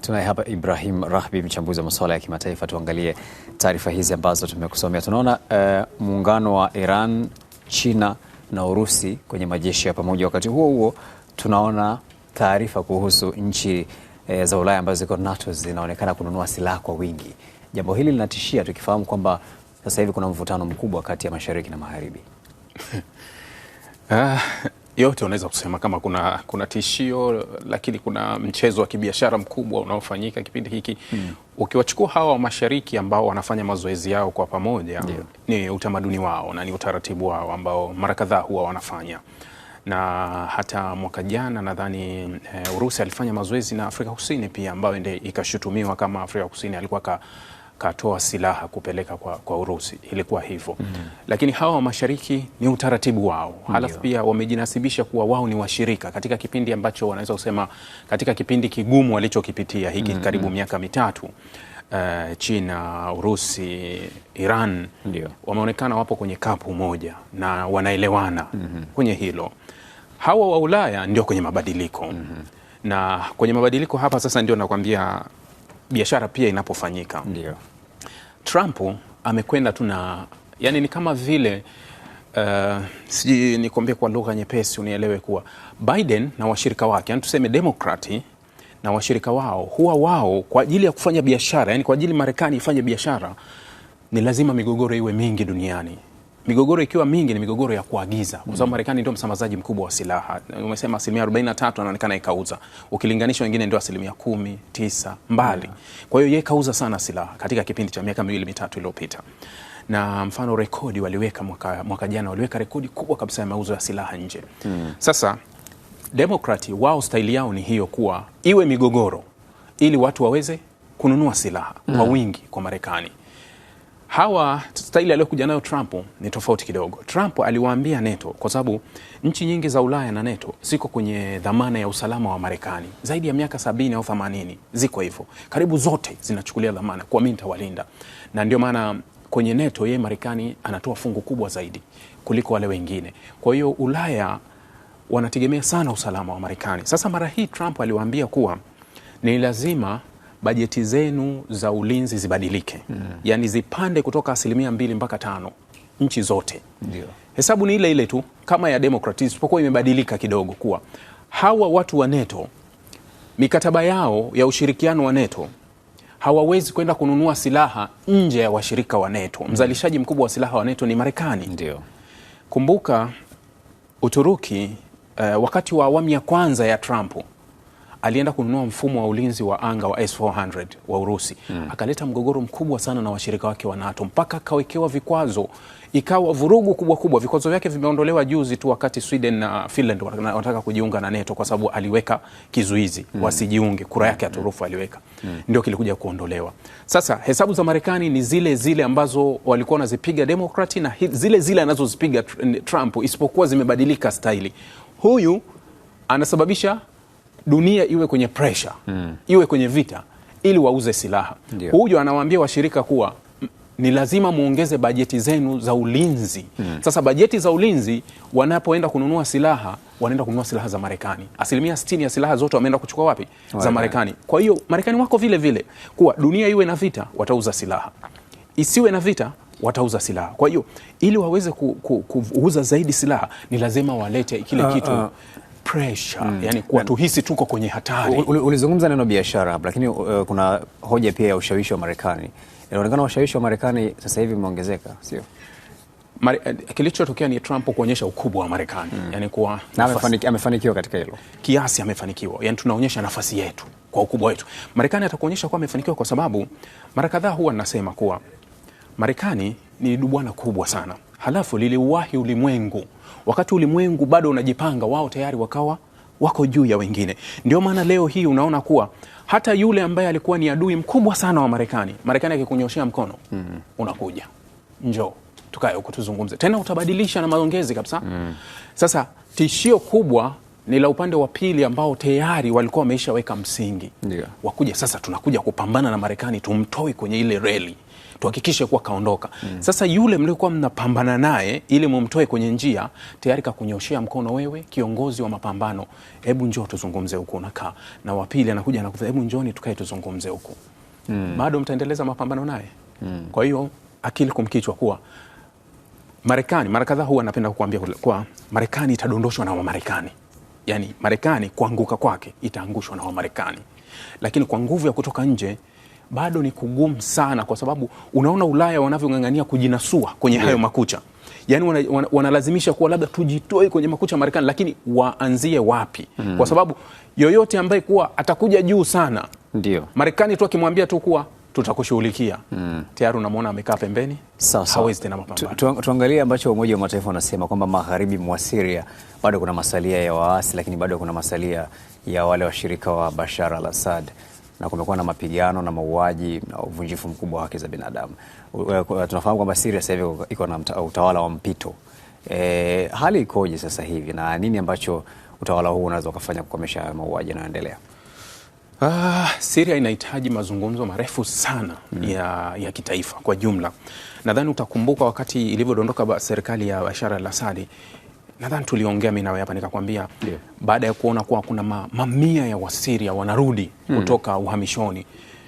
tunaye hapa Ibrahim Rahbi, mchambuzi wa masuala ya kimataifa. Tuangalie taarifa hizi ambazo tumekusomea. Tunaona uh, muungano wa Iran, China na Urusi kwenye majeshi ya pamoja. Wakati huo huo, tunaona taarifa kuhusu nchi uh, za Ulaya ambazo ziko NATO zinaonekana kununua silaha kwa wingi. Jambo hili linatishia, tukifahamu kwamba sasa hivi kuna mvutano mkubwa kati ya mashariki na magharibi. ah yote unaweza kusema kama kuna, kuna tishio, lakini kuna mchezo wa kibiashara mkubwa unaofanyika kipindi hiki hmm. Ukiwachukua hawa wa mashariki ambao wanafanya mazoezi yao kwa pamoja yeah. Ni utamaduni wao na ni utaratibu wao ambao mara kadhaa huwa wanafanya na hata mwaka jana nadhani e, Urusi alifanya mazoezi na Afrika Kusini pia, ambayo ndio ikashutumiwa kama Afrika Kusini alikuwa ka katoa silaha kupeleka kwa, kwa Urusi. Ilikuwa hivyo mm -hmm. Lakini hawa wa mashariki ni utaratibu wao Halafu pia wamejinasibisha kuwa wao ni washirika katika kipindi ambacho wanaweza kusema katika kipindi kigumu walichokipitia hiki mm -hmm. karibu miaka mitatu Uh, China, Urusi, Iran wameonekana wapo kwenye kapu moja na wanaelewana mm -hmm. kwenye hilo. Hawa wa Ulaya ndio kwenye mabadiliko mm -hmm. na kwenye mabadiliko hapa sasa ndio nakwambia biashara pia inapofanyika ndio. Trump amekwenda tu na yani, ni kama vile uh, sijui nikwambie kwa lugha nyepesi unielewe kuwa Biden na washirika wake, yani tuseme demokrati na washirika wao, huwa wao kwa ajili ya kufanya biashara, yani kwa ajili Marekani ifanye biashara, ni lazima migogoro iwe mingi duniani migogoro ikiwa mingi ni migogoro ya kuagiza, kwa sababu Marekani ndio msambazaji mkubwa wa silaha. Umesema asilimia 43 anaonekana ikauza, ukilinganisha wengine ndio asilimia kumi tisa mbali. Kwa hiyo yeye kauza sana silaha katika kipindi cha miaka miwili mitatu iliyopita na mfano rekodi waliweka mwaka, mwaka jana waliweka rekodi kubwa kabisa ya mauzo ya silaha nje. Mm. Sasa Demokrati wao staili yao ni hiyo, kuwa iwe migogoro ili watu waweze kununua silaha mm. kwa hmm. wingi kwa Marekani. Hawa staili aliyokuja nayo Trump ni tofauti kidogo. Trump aliwaambia NATO, kwa sababu nchi nyingi za Ulaya na NATO ziko kwenye dhamana ya usalama wa Marekani zaidi ya miaka sabini au themanini, ziko hivyo, karibu zote zinachukulia dhamana kuwa mi nitawalinda, na ndio maana kwenye NATO yeye Marekani anatoa fungu kubwa zaidi kuliko wale wengine. Kwa hiyo Ulaya wanategemea sana usalama wa Marekani. Sasa mara hii Trump aliwaambia kuwa ni lazima bajeti zenu za ulinzi zibadilike mm. Yaani zipande kutoka asilimia mbili mpaka tano nchi zote. Ndio. Hesabu ni ile ile tu kama ya Democrats, isipokuwa imebadilika kidogo kuwa hawa watu wa NATO mikataba yao ya ushirikiano wa NATO hawawezi kwenda kununua silaha nje ya washirika wa NATO. Hmm. Mzalishaji mkubwa wa silaha wa NATO ni Marekani. Ndio. Kumbuka Uturuki uh, wakati wa awamu ya kwanza ya Trump alienda kununua mfumo wa ulinzi wa anga wa S-400 wa Urusi mm. Akaleta mgogoro mkubwa sana na washirika wake wa NATO mpaka akawekewa vikwazo, ikawa vurugu kubwa kubwa. Vikwazo vyake vimeondolewa juzi tu, wakati Sweden na Finland wanataka kujiunga na NATO kwa sababu aliweka kizuizi mm. wasijiunge, kura yake ya hmm. turufu aliweka mm. ndio kilikuja kuondolewa. Sasa hesabu za Marekani ni zile zile ambazo walikuwa wanazipiga Demokrati na zile zile anazozipiga Trump, isipokuwa zimebadilika staili. Huyu anasababisha dunia iwe kwenye pressure mm. iwe kwenye vita ili wauze silaha. Huyu anawaambia washirika kuwa ni lazima muongeze bajeti zenu za ulinzi mm. Sasa bajeti za ulinzi, wanapoenda kununua silaha wanaenda kununua silaha za Marekani. Asilimia 60 ya silaha zote wameenda kuchukua wapi? Wale. Za Marekani. Kwa hiyo Marekani wako vile vile kuwa dunia iwe na vita, watauza silaha, isiwe na vita watauza silaha. Kwa hiyo ili waweze ku, ku, kuuza zaidi silaha ni lazima walete kile ah, kitu ah pressure mm. Yani kuwa tuhisi tuko kwenye hatari. Ulizungumza neno biashara hapa, lakini uh, kuna hoja pia ya ushawishi wa Marekani. Inaonekana ushawishi wa Marekani sasa hivi umeongezeka, sio? Kilichotokea ni Trump kuonyesha ukubwa wa Marekani mm. Yani kuwa na amefanikiwa katika hilo kiasi, amefanikiwa yani, tunaonyesha nafasi yetu kwa ukubwa wetu. Marekani atakuonyesha kuwa amefanikiwa, kwa sababu mara kadhaa huwa nasema kuwa Marekani ni dubwana kubwa sana mm halafu liliuwahi ulimwengu. Wakati ulimwengu bado unajipanga, wao tayari wakawa wako juu ya wengine. Ndio maana leo hii unaona kuwa hata yule ambaye alikuwa ni adui mkubwa sana wa Marekani, Marekani akikunyoshea mkono mm unakuja njo tukae huku tuzungumze tena, utabadilisha na maongezi kabisa mm. Sasa tishio kubwa ni la upande wa pili ambao tayari walikuwa wameisha weka msingi yeah. Wakuja sasa, tunakuja kupambana na Marekani, tumtoi kwenye ile reli tuhakikishe kuwa kaondoka. Mm. Sasa yule mliokuwa mnapambana naye ili mumtoe kwenye njia, tayari kakunyoshea mkono, wewe kiongozi wa mapambano, hebu njoo tuzungumze huku unakaa, na wapili, anakuja anakuza, hebu njoni tukae tuzungumze huku. Mm. Bado mtaendeleza mapambano naye. Mm. Kwa hiyo akili kumkichwa kuwa Marekani mara kadhaa huwa anapenda kukuambia kuwa Marekani itadondoshwa na Wamarekani. yani Marekani kuanguka kwake itaangushwa na Wamarekani, lakini kwa nguvu ya kutoka nje bado ni kugumu sana, kwa sababu unaona Ulaya wanavyong'ang'ania kujinasua kwenye hayo makucha yaani wanalazimisha kuwa labda tujitoe kwenye makucha ya Marekani, lakini waanzie wapi? mm. kwa sababu yoyote ambaye kuwa atakuja juu sana, ndio Marekani tu akimwambia tu kuwa tutakushughulikia mm. tayari unamwona amekaa pembeni, hawezi tena mapambano. tu, tu, tuangalie ambacho Umoja wa Mataifa unasema kwamba magharibi mwa Syria bado kuna masalia ya waasi, lakini bado kuna masalia ya wale washirika wa Bashar al-Assad na kumekuwa na mapigano na mauaji na uvunjifu mkubwa wa haki za binadamu. Tunafahamu kwamba Syria sasa hivi iko na utawala wa mpito. E, hali ikoje sasa hivi na nini ambacho utawala huu unaweza ukafanya kukomesha mauaji yanayoendelea? Ah, Syria inahitaji mazungumzo marefu sana mm. ya, ya kitaifa kwa jumla. Nadhani utakumbuka wakati ilivyodondoka serikali ya Bashar al-Assad nadhani tuliongea mi nawe hapa nikakwambia, yeah. baada ya kuona kuwa kuna mamia ya Wasiria wanarudi hmm. kutoka uhamishoni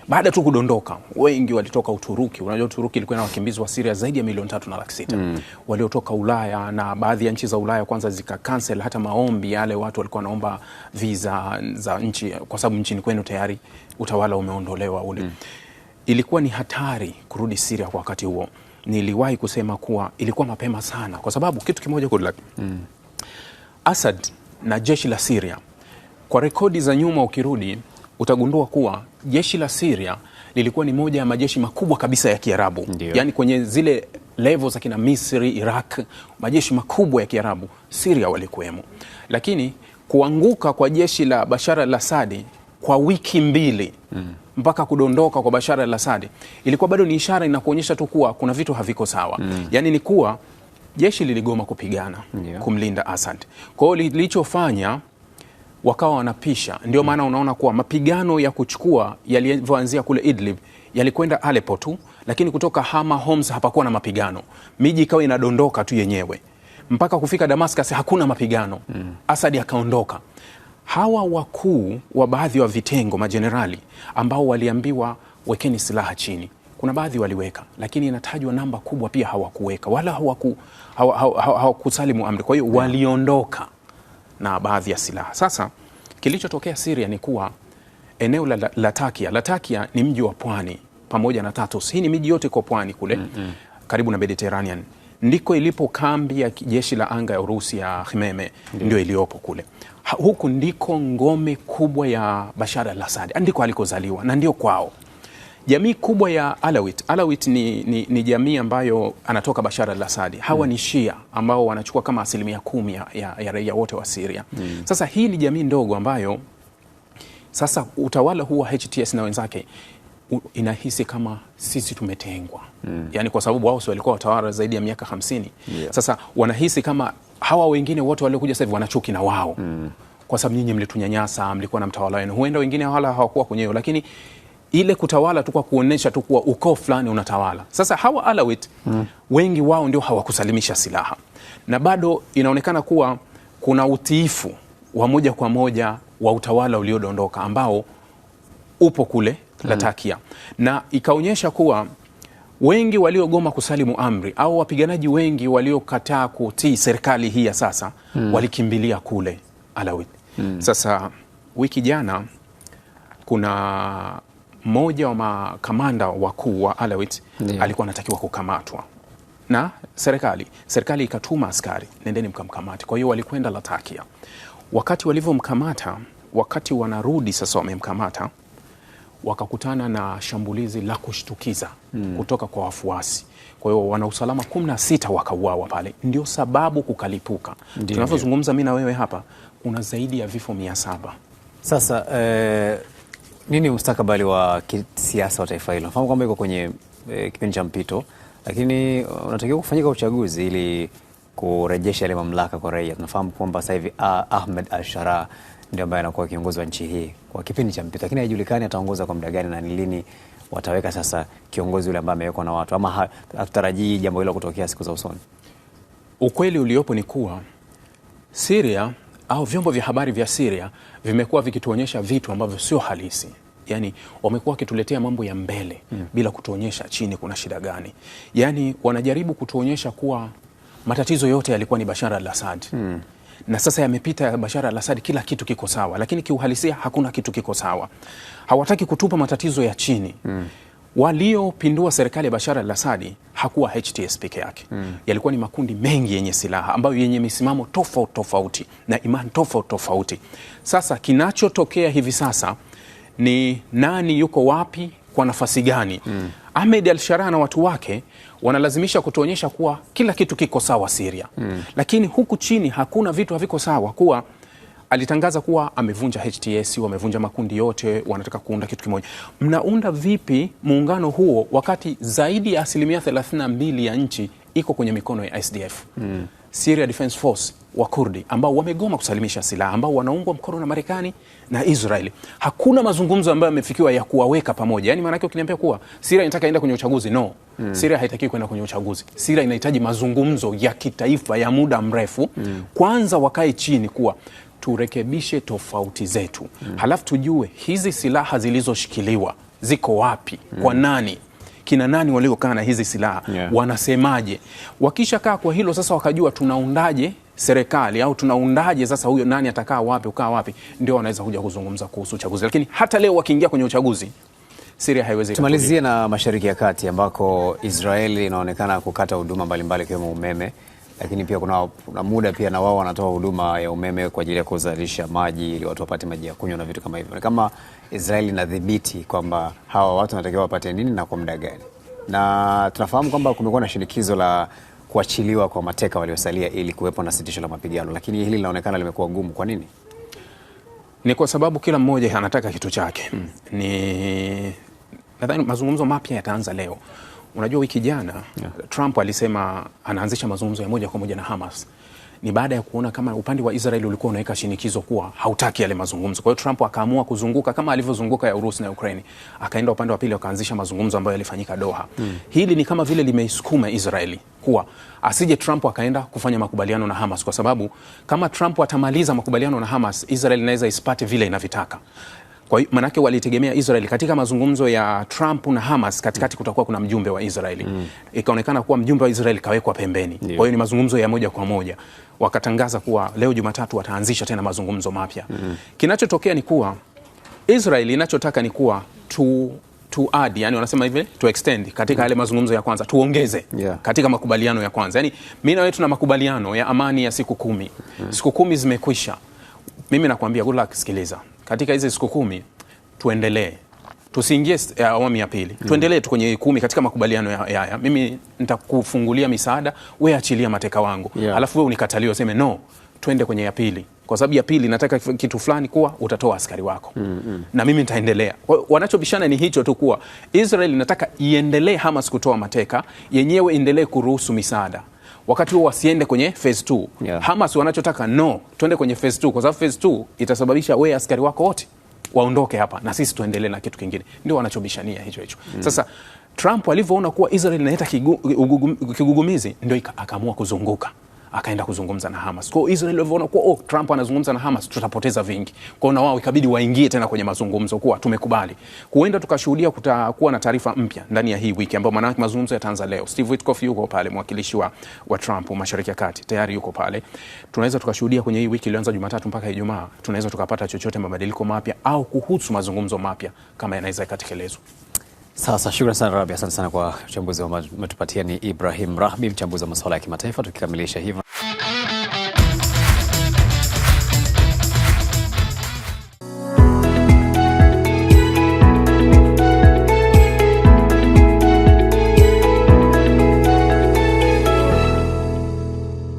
baada tu kudondoka, wengi walitoka Uturuki. Unajua Uturuki ilikuwa na wakimbizi wa Siria zaidi ya milioni tatu na laki sita mm. waliotoka Ulaya na baadhi ya nchi za Ulaya kwanza zika hata maombi yale, watu walikuwa wanaomba viza za nchi, kwa sababu nchini kwenu tayari utawala umeondolewa ule mm. ilikuwa ni hatari kurudi Siria kwa wakati huo niliwahi kusema kuwa ilikuwa mapema sana, kwa sababu kitu kimoja mm. Assad na jeshi la Syria, kwa rekodi za nyuma ukirudi utagundua kuwa jeshi la Syria lilikuwa ni moja ya majeshi makubwa kabisa ya Kiarabu, yaani kwenye zile levo za kina Misri, Iraq, majeshi makubwa ya Kiarabu Syria walikuwemo, lakini kuanguka kwa jeshi la Bashar al-Assad kwa wiki mbili mm mpaka kudondoka kwa Bashar al-Assad ilikuwa bado ni ishara inakuonyesha tu kuwa kuna vitu haviko sawa mm. Yaani ni kuwa jeshi liligoma kupigana yeah. kumlinda Assad. Kwa hiyo lilichofanya wakawa wanapisha, ndio maana mm. unaona kuwa mapigano ya kuchukua yalivyoanzia kule Idlib yalikwenda Aleppo tu, lakini kutoka Hama Homs hapakuwa na mapigano, miji ikawa inadondoka tu yenyewe mpaka kufika Damascus hakuna mapigano mm. Asadi akaondoka hawa wakuu wa baadhi wa vitengo majenerali ambao waliambiwa wekeni silaha chini, kuna baadhi waliweka, lakini inatajwa namba kubwa pia hawakuweka wala hawakusalimu amri. Kwa hiyo waliondoka na baadhi ya silaha. Sasa kilichotokea Syria ni kuwa eneo la Latakia, Latakia ni mji wa pwani pamoja na tatos Hii ni miji yote kwa pwani kule mm -hmm. karibu na Mediterranean ndiko ilipo kambi ya jeshi la anga ya Urusi ya Khmeme, ndio iliyopo kule. Huku ndiko ngome kubwa ya Bashar al-Assad, ndiko alikozaliwa na ndio kwao jamii kubwa ya Alawit. Alawit ni, ni, ni jamii ambayo anatoka Bashar al Asadi. Hawa mm. ni Shia ambao wanachukua kama asilimia kumi ya, ya raia wote wa Siria mm. Sasa hii ni jamii ndogo ambayo sasa utawala huu wa HTS na wenzake inahisi kama sisi tumetengwa mm. Yani kwa sababu wao si walikuwa watawala zaidi ya miaka hamsini yeah. Sasa wanahisi kama hawa wengine wote waliokuja sasa hivi wanachuki na wao mm. Kwa sababu nyinyi mlitunyanyasa, mlikuwa na mtawala wenu, huenda wengine wala hawakuwa kwenye hiyo, lakini ile kutawala tu kwa kuonesha tu kuwa ukoo fulani unatawala. Sasa hawa Alawit mm. wengi wao ndio hawakusalimisha silaha, na bado inaonekana kuwa kuna utiifu wa moja kwa moja wa utawala uliodondoka ambao upo kule Latakia mm. na ikaonyesha kuwa wengi waliogoma kusalimu amri au wapiganaji wengi waliokataa kutii serikali hii ya sasa mm. walikimbilia kule Alawit mm. Sasa wiki jana kuna mmoja wa makamanda wakuu wa Alawit yeah. alikuwa anatakiwa kukamatwa na serikali. Serikali ikatuma askari, nendeni mkamkamate. Kwa hiyo walikwenda Latakia. Wakati walivyomkamata, wakati wanarudi sasa, wamemkamata wakakutana na shambulizi la kushtukiza hmm. kutoka kwa wafuasi. Kwa hiyo wanausalama 16 wakauawa pale, ndio sababu kukalipuka. Tunavyozungumza mimi na wewe hapa, kuna zaidi ya vifo mia saba. Sasa eh, nini mustakabali wa kisiasa wa taifa hilo? Nafahamu kwamba iko kwenye eh, kipindi cha mpito, lakini unatakiwa kufanyika uchaguzi ili kurejesha ile mamlaka kwa raia. Tunafahamu kwamba sasa hivi ah, Ahmed Al-Sharaa ndio ambaye anakuwa kiongozi wa nchi hii kwa kipindi cha mpito, lakini haijulikani ataongoza kwa muda gani na ni lini wataweka sasa kiongozi yule ambaye amewekwa na watu, ama hatutarajii jambo hilo kutokea siku za usoni. Ukweli uliopo ni kuwa Syria au vyombo vya habari vya Syria vimekuwa vikituonyesha vitu ambavyo sio halisi. Yani wamekuwa wakituletea mambo ya mbele hmm, bila kutuonyesha chini kuna shida gani. Yani wanajaribu kutuonyesha kuwa matatizo yote yalikuwa ni Bashar al-Assad mm na sasa yamepita ya Bashar al-Assad, kila kitu kiko sawa, lakini kiuhalisia hakuna kitu kiko sawa. Hawataki kutupa matatizo ya chini mm. Waliopindua serikali ya Bashar al-Assad hakuwa HTS peke yake mm. Yalikuwa ni makundi mengi yenye silaha ambayo yenye misimamo tofauti tofauti na imani tofauti tofauti. Sasa kinachotokea hivi sasa ni nani yuko wapi kwa nafasi gani? mm. Ahmed al-Sharaa na watu wake wanalazimisha kutuonyesha kuwa kila kitu kiko sawa Syria. mm. Lakini huku chini hakuna vitu haviko sawa, kuwa alitangaza kuwa amevunja HTS, wamevunja makundi yote, wanataka kuunda kitu kimoja. Mnaunda vipi muungano huo wakati zaidi ya asilimia 32 ya nchi iko kwenye mikono ya SDF? mm. Syria Defense Force wa Kurdi ambao wamegoma kusalimisha silaha, ambao wanaungwa mkono na Marekani na israel Hakuna mazungumzo ambayo yamefikiwa ya kuwaweka pamoja. Yaani maana yake ukiniambia kuwa Syria inataka enda kwenye uchaguzi, no. Mm. Syria haitaki kwenda kwenye uchaguzi. Syria inahitaji mazungumzo ya kitaifa ya muda mrefu. Mm. Kwanza wakae chini kuwa turekebishe tofauti zetu. Mm. Halafu tujue hizi silaha zilizoshikiliwa ziko wapi? Mm. Kwa hmm. nani? kina nani waliokaa na hizi silaha yeah. Wanasemaje? kaa kwa hilo sasa, wakajua tunaundaje serikali au tunaundaje sasa, huyo nani atakaa wapi, ukaa wapi, ndio wanaweza kuja kuzungumza kuhusu uchaguzi. Lakini hata leo wakiingia kwenye uchaguzi Syria haiwezi. Tumalizie na Mashariki ya Kati ambako Israeli inaonekana kukata huduma mbalimbali ikiwemo umeme lakini pia kuna, kuna muda pia na wao wanatoa huduma ya umeme kwa ajili ya kuzalisha maji ili watu wapate maji ya kunywa na vitu kama hivyo. Ni kama Israeli inadhibiti kwamba hawa watu wanatakiwa wapate nini na kwa muda gani, na tunafahamu kwamba kumekuwa na shinikizo la kuachiliwa kwa mateka waliosalia ili kuwepo na sitisho la mapigano, lakini hili linaonekana limekuwa gumu. Kwa nini? Ni kwa sababu kila mmoja anataka kitu chake. Hmm. Ni nadhani mazungumzo mapya yataanza leo. Unajua wiki jana yeah. Trump alisema anaanzisha mazungumzo ya moja kwa moja na Hamas ni baada ya kuona kama upande wa Israel ulikuwa unaweka shinikizo kuwa hautaki yale mazungumzo. Kwa hiyo Trump akaamua kuzunguka kama alivyozunguka ya Urusi na Ukraine, akaenda upande wa pili, akaanzisha mazungumzo ambayo yalifanyika Doha. Hmm. Hili ni kama vile limeisukuma Israeli kuwa asije Trump akaenda kufanya makubaliano na Hamas, kwa sababu kama Trump atamaliza makubaliano na Hamas, Israel inaweza isipate vile inavitaka. Kwa hiyo manake walitegemea Israel katika mazungumzo ya Trump na Hamas, katikati mm. kutakuwa kuna mjumbe wa Israeli mm. Ikaonekana kuwa mjumbe wa Israeli kawekwa pembeni yeah. Kwa hiyo ni mazungumzo ya moja kwa moja, wakatangaza kuwa leo Jumatatu wataanzisha tena mazungumzo mapya mm. Kinachotokea ni kuwa Israeli inachotaka ni kuwa tu to add yani, wanasema hivi to extend katika mm. yale mm. mazungumzo ya kwanza, tuongeze yeah. katika makubaliano ya kwanza. Yani mimi na wewe tuna makubaliano ya amani ya siku kumi mm. siku kumi zimekwisha, mimi nakwambia good luck, sikiliza katika hizi siku kumi tuendelee tusiingie eh, awamu ya pili mm. Tuendelee tu kwenye kumi katika makubaliano haya, mimi nitakufungulia misaada, we achilia mateka wangu yeah. Alafu we unikatalia useme no, tuende kwenye ya pili, kwa sababu ya pili nataka kitu fulani, kuwa utatoa askari wako mm -hmm. na mimi nitaendelea. Wanachobishana ni hicho tu, kuwa Israel inataka iendelee Hamas kutoa mateka yenyewe, iendelee kuruhusu misaada wakati huo wasiende kwenye phase 2 yeah. Hamas wanachotaka no, twende kwenye phase 2 kwa sababu phase 2 itasababisha wewe askari wako wote waondoke hapa na sisi tuendelee na kitu kingine. Ndio wanachobishania hicho hicho mm. Sasa Trump alivyoona kuwa Israel inaleta kigugumizi, ndio akaamua kuzunguka akaenda kuzungumza na Hamas. Kwa hiyo Israel kuwa oh, Trump anazungumza na Hamas tutapoteza vingi, kwa hiyo na wao ikabidi waingie tena kwenye mazungumzo kuwa tumekubali. Huenda tukashuhudia kutakuwa na taarifa mpya ndani ya hii wiki ambayo maana yake mazungumzo yataanza leo. Steve Witkoff yuko pale, mwakilishi wa, wa Trump Mashariki ya Kati tayari yuko pale. Tunaweza tukashuhudia kwenye hii wiki ilianza Jumatatu mpaka Ijumaa, tunaweza tukapata chochote mabadiliko mapya au kuhusu mazungumzo mapya kama yanaweza yakatekelezwa. Sasa shukrani sana rabi asante sana kwa uchambuzi wa matupatia. Ni Ibrahim Rahbi, mchambuzi wa masuala ya kimataifa, tukikamilisha hivyo.